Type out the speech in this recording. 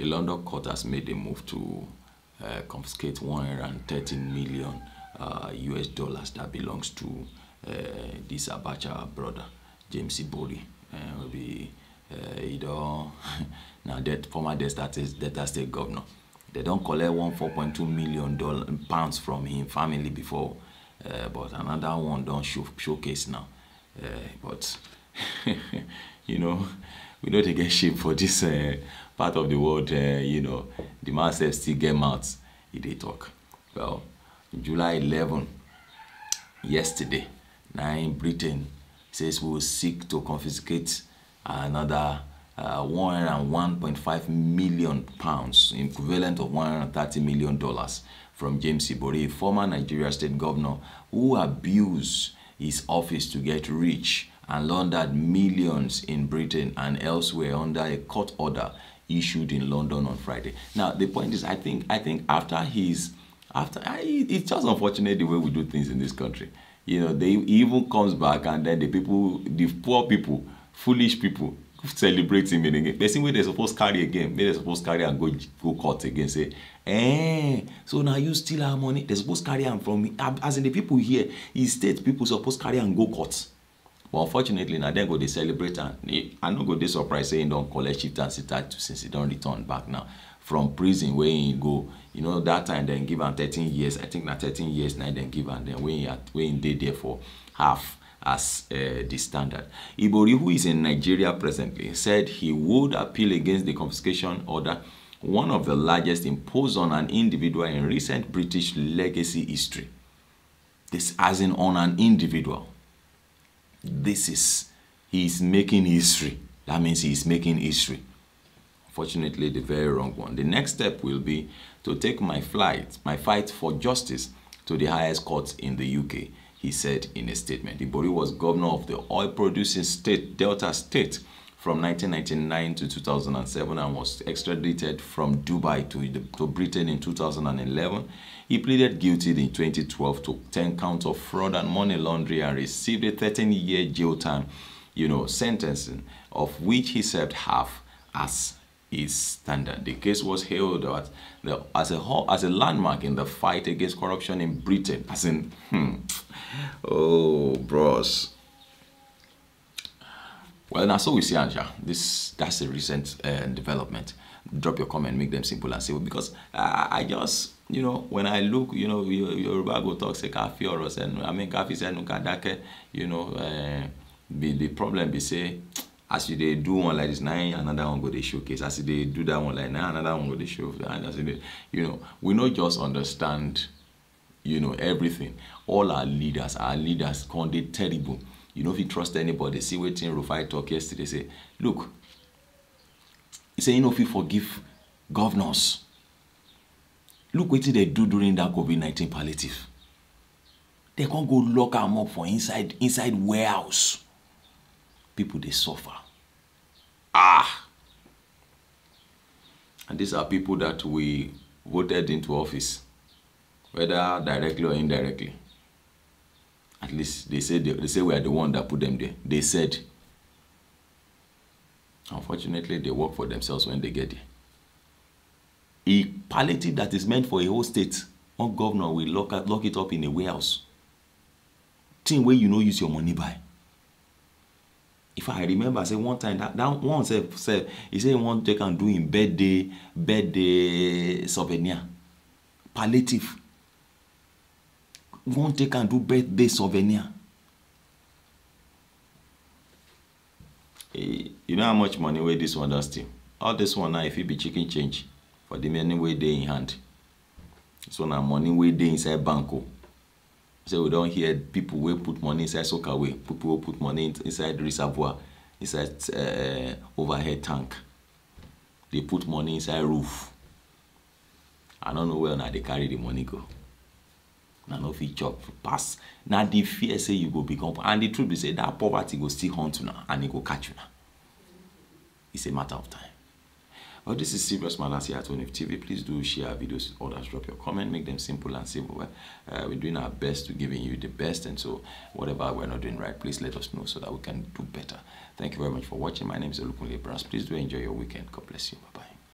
a London court has made a move to uh, confiscate 113 million uh, US dollars that belongs to uh, this Abacha brother, James Ibori. Uh, will be, uh, you know, now that former Delta State, Delta State governor. They don't collect one 4.2 million dollar, pounds from him family before, uh, but another one don't show, showcase now. Uh, but, you know, we know they get shame for dis uh, part of the world uh, you know the man sef still get mouth e dey talk. well july 11 yesterday na in britain says we will seek to confiscate another uh, 101.5 million pounds, equivalent of 130 million dollars, from James Ibori, former Nigeria state governor, who abused his office to get rich and laundered millions in Britain and elsewhere under a court order issued in London on Friday. Now, the point is, I think, I think after his, after I, it's just unfortunate the way we do things in this country. You know, they even comes back and then the people, the poor people, foolish people, celebrate him again. The same way they supposed carry again, may they supposed carry and go go court again. Say, eh, so now you steal our money. They supposed carry and from me. As in the people here, is state people supposed carry and go court but unfortunately na dem go dey celebrate am e, i no go dey surprise say im don collect sit title since e don return back now from prison wey im go you know dat time dem give am thirteen years i think na thirteen years na dem give am then wey im dey there for half as uh, the standard. Ibori, who is in Nigeria presently, said he would appeal against the confiscation order, one of the largest imposed on an individual in recent British legacy history. This as in on an individual. this is, he's making history. That means he's making history. Fortunately, the very wrong one. The next step will be to take my flight, my fight for justice to the highest court in the UK, he said in a statement. Ibori was governor of the oil-producing state, Delta State, from 1999 to 2007 and was extradited from Dubai to, the, to Britain in 2011. He pleaded guilty in 2012 to 10 counts of fraud and money laundering and received a 13-year jail time, you know, sentencing, of which he served half as is standard. The case was hailed as, the, as, a, as a landmark in the fight against corruption in Britain. As in, hmm, oh, bros. Well, now so we see Anja. This that's a recent uh, development. Drop your comment, make them simple and simple. Because uh, I just, you know, when I look, you know, Yoruba go talk say kafi or senu. I mean kafi no kadake. You know, uh, um, be the problem be say as you dey do one like this, now another one go dey showcase. As they do that one like now another one go dey show. And as you you know, we not just understand, you know, everything. All our leaders, our leaders, con dey terrible you know if you trust anybody see wetin rufai talk yesterday say look e say know if you forgive governors look wetin they do during that covid-19 palliative They con go lock am up for inside inside warehouse people dey suffer ah and these are people that we voted into office whether directly or indirectly At least they said they, they say we are the one that put them there. They said. Unfortunately, they work for themselves when they get there. A palliative that is meant for a whole state, one governor will lock, lock it up in a warehouse. Thing where you no use your money buy. if i remember say one time that, that one sef sef he say he wan take am do him birthday birthday souvenir palliative Won't take and do birthday souvenir. Eh, you know how much money wey this one don steal all this one now if fit be chicken change for the money wey dey in hand so na money wey dey inside bank o oh. so we don hear people wey put money inside soakaway people wey put money inside reservoir inside uh, overhead tank dey put money inside roof i no know where una dey carry the money go. na no feature chop pass na the fear say you go become and the truth be say that poverty go still you una and it go catch una it's a matter of time well this is serious malas here at onif tv please do share videos with others drop your comment make them simple and simple uh, we're doing our best to giving you the best and so whatever we're not doing right please let us know so that we can do better thank you very much for watching my name is Olukunle Brands please do enjoy your weekend god bless you bye bye